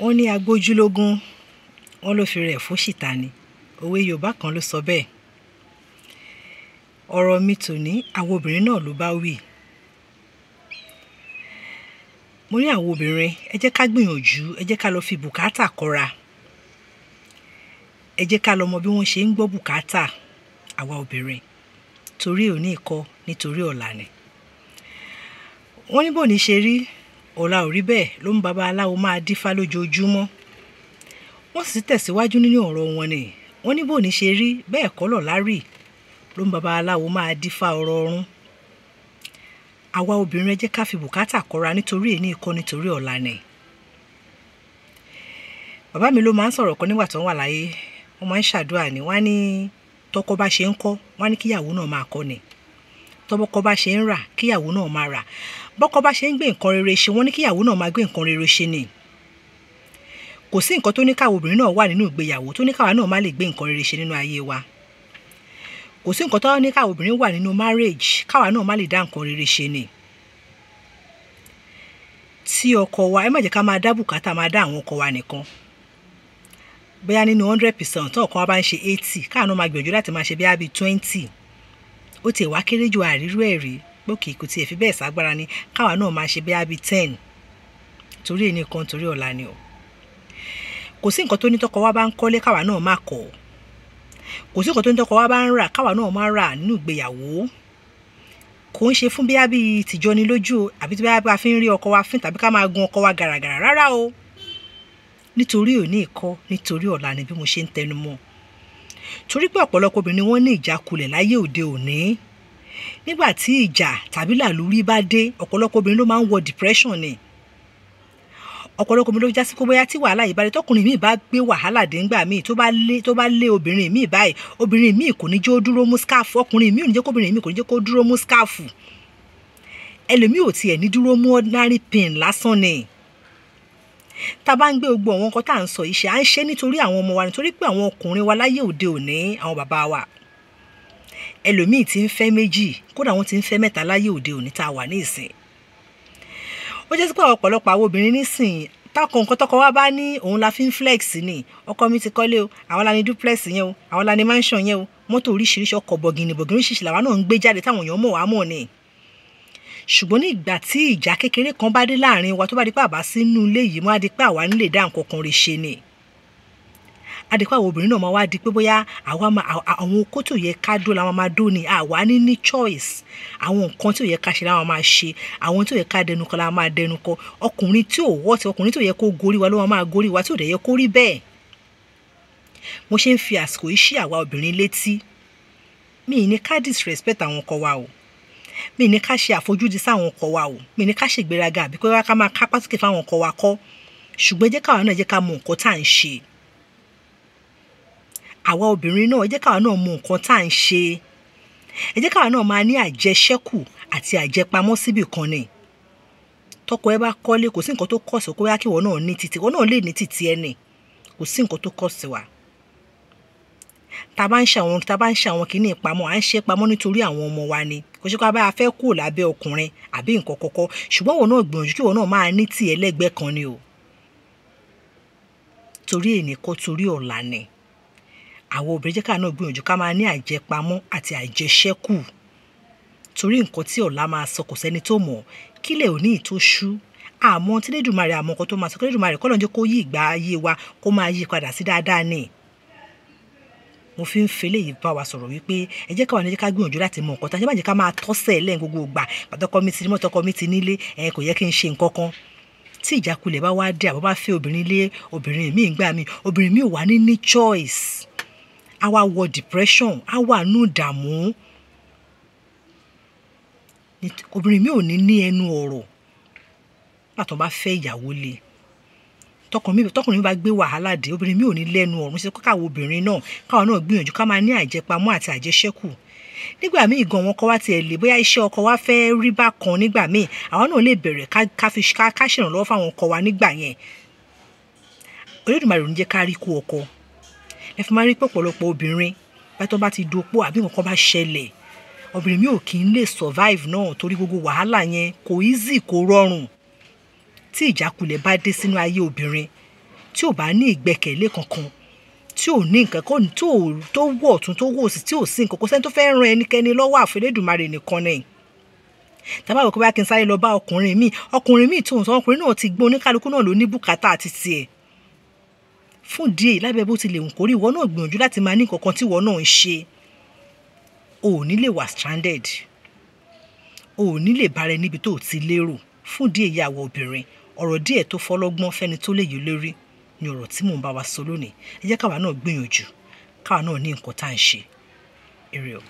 wọ́n ní agbójúlógún wọ́n ló fi rẹ̀ fóṣìta ni òwe yorùbá kan ló sọ bẹ́ẹ̀ ọ̀rọ̀ mi tòní àwọn obìnrin náà ló bá wí mo ní àwọn obìnrin ẹ jẹ́ ká gbìyànjú ẹ jẹ́ ká lọ fi bùkátà kọ́ra ẹ jẹ́ ká lọ bí wọ́n ṣe ń gbọ́ bùkátà àwa obìnrin torí òní ìkọ́ nítorí ọ̀la ni wọ́n ní bò ní ṣe rí ọ̀la ò rí bẹ́ẹ̀ ló ń baba aláwo máa dífá lójoojúmọ́ wọ́n sì tẹ̀síwájú nínú ọ̀rọ̀ wọn ni wọ́n ní bò ní ṣe rí bẹ́ẹ̀ kọ́ lọ̀la rí ló ń baba aláwo máa dífá ọ̀rọ̀ ọ̀run àwa obìnrin ẹ jẹ́ ká fi bùkátà kọ́ra nítorí èyí ní ikọ́ nítorí ọ̀la ni bàbá mi ló máa ń sọ̀rọ̀ kan nígbà tó ń wà láyé wọ́n máa ń ṣàdúrà ni wọ́n á ní tọkọ bá ṣe ń kọ́ wọ́n á ní kíyàwó náà máa kọ́ ni tọwọ́kọ bá ṣe ń rà kíyàwó náà máa rà bọ́kọ bá ṣe ń gbé nǹkan rere ṣe wọ́n ní kíyàwó náà máa gbé nǹkan rere ṣe ni kò sí nǹkan tó ní káwọn obìnrin náà wà nínú ìgbéyàwó tó ní káwa náà má lè gbé nǹkan rere ṣe nínú ayé wa kò sí nǹkan tó ní káwọn obìnrin wà nínú marriage káwa náà má lè dá nǹkan rere ṣe ni tí ọkọ wa ẹ má jẹ́ ká máa dá bùkátà máa dá àwọn ọkọ wa nìkan bóyá nínú hundred percent tó ọkọ wa bá ń ṣe eighty káà náà máa gbìyànjú láti máa ṣe bí i twenty ó ti wá kéré ju àrírú ẹ̀ rí gbókè kò tiẹ̀ fi bẹ́ẹ̀ ságbára ni káwa náà máa ṣe bí abi ten torí èyí nìkan torí ọ̀la ni o kò sí nǹkan tó ní tọkọ wa bá ń kọ́lé káwa náà má kọ́ kò sí nǹkan tó ní tọkọ wa bá ń rà káwa náà má rà nínú ìgbéyàwó kò ń ṣe fún bí abí tìjọ ni lójú o àbí tí bá fi ń rí ọkọ wa fín tàbí ká máa gun ọkọ wa gàràgàrà rárá o nítorí òní ìkọ nítorí ọ̀la ni bí mo ṣe ń tẹnu mọ́ ọ torí pé ọ̀pọ̀lọpọ̀ obìnrin wọn ní ìjákulẹ̀ láyé òde òní nígbà tí ìjà tàbí làlúrí bá dé ọ̀pọ̀lọpọ̀ obìnrin ló máa ń wọ depression ni ọ̀pọ̀lọpọ̀ obìnrin ló já sí pé bóyá tí wàhálà yìí bá dé tọkùnrin míì bá gbé wàhálà dé ńgbà míì tó bá lé tó bá lé obìnrin míì báyìí obìnrin míì kò ní jẹ́ ó dúró mú skáàfù ọkùnrin míì ò ní jẹ́ kó obìnrin míì kò ní jẹ́ kó dúró mú skáàfù ẹlòmíì ò tiẹ̀ ní dúró mú ordinary pin lásán ni tá a bá ń gbé gbogbo àwọn nǹkan tá à ń sọ yìí ṣe à ń ṣe nítorí àwọn ọmọ wa nítorí pé àwọn ọkùnrin wa láyé òde òní àwọn bàbá wa ẹlòmíì ti ń fẹ́ méjì kódà wọ́n ti ń fẹ́ mẹ́ta láyé òde òní tá a wà ní ìsìn ó jẹ́ sí pé ọ̀pọ̀lọpọ̀ àwọn obìnrin nísìn táwọn nǹkan tọkọ wa bá ní òun la fi ń flex ni ọkọ mi ti kọ́lé o àwọn la ní duplex yẹn o àwọn la ní mansion yẹn o mọ́tò oríṣiríṣi ọkọ̀ bọ̀gìnì bọ̀gìnì náà ń gbé jáde táwọn èèyàn mọ̀ wá mọ̀ ni ṣùgbọ́n ní ìgbà tí ìjà kékeré kan bá dé láàrin wa tó bá di pé àbá sínú ilé yìí máa di pé àwa nílè dá nǹkan kan rè ṣe ni adìpá àwọn obìnrin náà máa wá di pé bóyá àwọn okó tó yẹ ká dó la máa dó ni àwa ní ní choice àwọn nǹkan tó yẹ ká ṣe la máa ṣe àwọn tó yẹ ká dẹnu kọ la máa dẹnu kọ ọkùnrin tí ò wọ́ ti ọkùnrin tó yẹ kó gorí wa ló máa gorí wa tí ò dẹ̀ yẹ kó rí bẹ́ẹ̀ mo ṣe ń fi àsìkò yìí ṣí àwa obìnrin létí mi ì ní ká disrespect àwọn ọkọ wa o mi ní ká ṣe àfojúdi sáwọn ọkọ wa o mi ní ká ṣègbéraga àbí pé ká máa kápá sókè fáwọn ọkọ wa kọ́ ṣùgbọ́n jẹ́ káwa náà jẹ́ ká mọ nǹkan tá à ń ṣe àwa obìnrin náà jẹ́ káwa náà mọ nǹkan tá à ń ṣe ẹ jẹ́ káwa náà máa ní àjẹṣẹ́kù àti àjẹpamọ́ síbì kan ni tọkọ ẹ bá kọ́lé kò sí nǹkan tó kọ̀ sí kó yá kí náà ní títì ìwọ náà lè ní títì ẹni kò sí nǹkan tó kọ̀ sí wa tá a bá ń ṣe àwọn tá a bá ń ṣe àwọn kìíní ìpamọ́ à ń ṣe pamọ́ nítorí àwọn ọmọ wa ni kò ṣe pé abẹ́ afẹ́ kúrò lábẹ́ ọkùnrin àbí nǹkan kọ́kọ́ ṣùgbọ́n òun náà gbìyànjú kí òun náà máa ní tì ẹlẹ́gbẹ́ kan ni o torí èní kọ́ torí ọ̀la ni àwọn obìnrin jẹ́ ká náà gbìyànjú ká máa ní àjẹpamọ́ àti àjẹṣẹ́kù torí nǹkan tí ọ̀la máa sọ kò sẹ́ni tó mọ̀ kílẹ̀ òní ìtóṣú àmọ́ tí Elédùmarè àmọ́ nǹkan tó máa sọ kí Elédùmarè kọ́ lóun jẹ́ kó yí ìgbà ayé wa kó máa yí padà sí dáadáa ni mo fi ń fẹlẹ́ yìí bá wa sọ̀rọ̀ wípé ẹ jẹ́ ká wà ní ẹ jẹ́ ká gbìyànjú láti mọ nǹkan tá a ṣe má jẹ́ ká máa tọ́sẹ̀ lẹ́yìn gbogbo ìgbà pàtọ́kọ mi ti ní mọ́tọ́kọ mi ti nílé ẹ kò yẹ kí n ṣe nǹkan kan tí ìjákulẹ̀ bá wá dé àbọ̀ bá fẹ́ obìnrin lé obìnrin míì gbà mí obìnrin míì wà ní ní choice a wá wọ depression a wà nù ìdààmú obìnrin míì ò ní ní ẹnu ọ̀rọ̀ pàtó bá fẹ́ ìyàwó lé tọkùnrin mi tọkùnrin mi bá gbé wàhálà dé obìnrin mi ò ní lẹ́nu ọ̀run sí káwọn obìnrin náà káwọn náà gbìyànjú ká máa ní àjẹpamọ́ àti àjẹṣẹ́kù nígbà míì gan wọn kọ wá tiẹ̀ lè bóyá iṣẹ́ ọkọ wa fẹ́ rí bá kan nígbà míì àwọn náà lè bẹ̀rẹ̀ ká ṣèrànlọ́wọ́ fáwọn ọkọ wa nígbà yẹn Olódùmarè ò ní jẹ́ ká rí kú ọkọ ẹ fi máa rí pọ̀pọ̀lọpọ̀ obìnrin bàtọ́ bá ti dopó àbí nǹkan bá ṣẹlẹ̀ obìnrin mi ò kì í lè survive náà torí gbogbo wàhálà yẹn kò easy kò rọrùn tí ìjákulẹ̀ bá dé sínú ayé obìnrin tí ò bá ní ìgbẹ́kẹ̀lé kankan tí ò ní nǹkan kan tó tó wọ ọ̀tún tó wọ òsì tí ò sí nǹkan kó sẹ́ni tó fẹ́ ran ẹnikẹ́ni lọ́wọ́ àfẹ́lẹ́dùmarè nìkan ni tàbá wò pé bá kí n sáré lọ bá ọkùnrin mi ọkùnrin mi tó ń sọ ọkùnrin náà ti gbọ́n oníkálukú náà ló bùkátà àti tiẹ̀ fún díẹ̀ lábẹ́ bó ti lè hùn kórè ìwọ náà gbìyànjú láti máa ní nǹkan tí ìwọ náà ń ṣe o lè wà stranded o ò ní lè bára ẹni níbi tó o ti lérò fún díẹ̀ ìyàwó obìnrin ọ̀rọ̀ díẹ̀ tó fọlọ́gbọ́n fẹ́ni tó lè yí lórí ni ọ̀rọ̀ tí mò ń bá wa sọ lónìí ẹ káwa náà gbìyànjú káwa náà ní nǹkan tá à ń ṣe èrè o.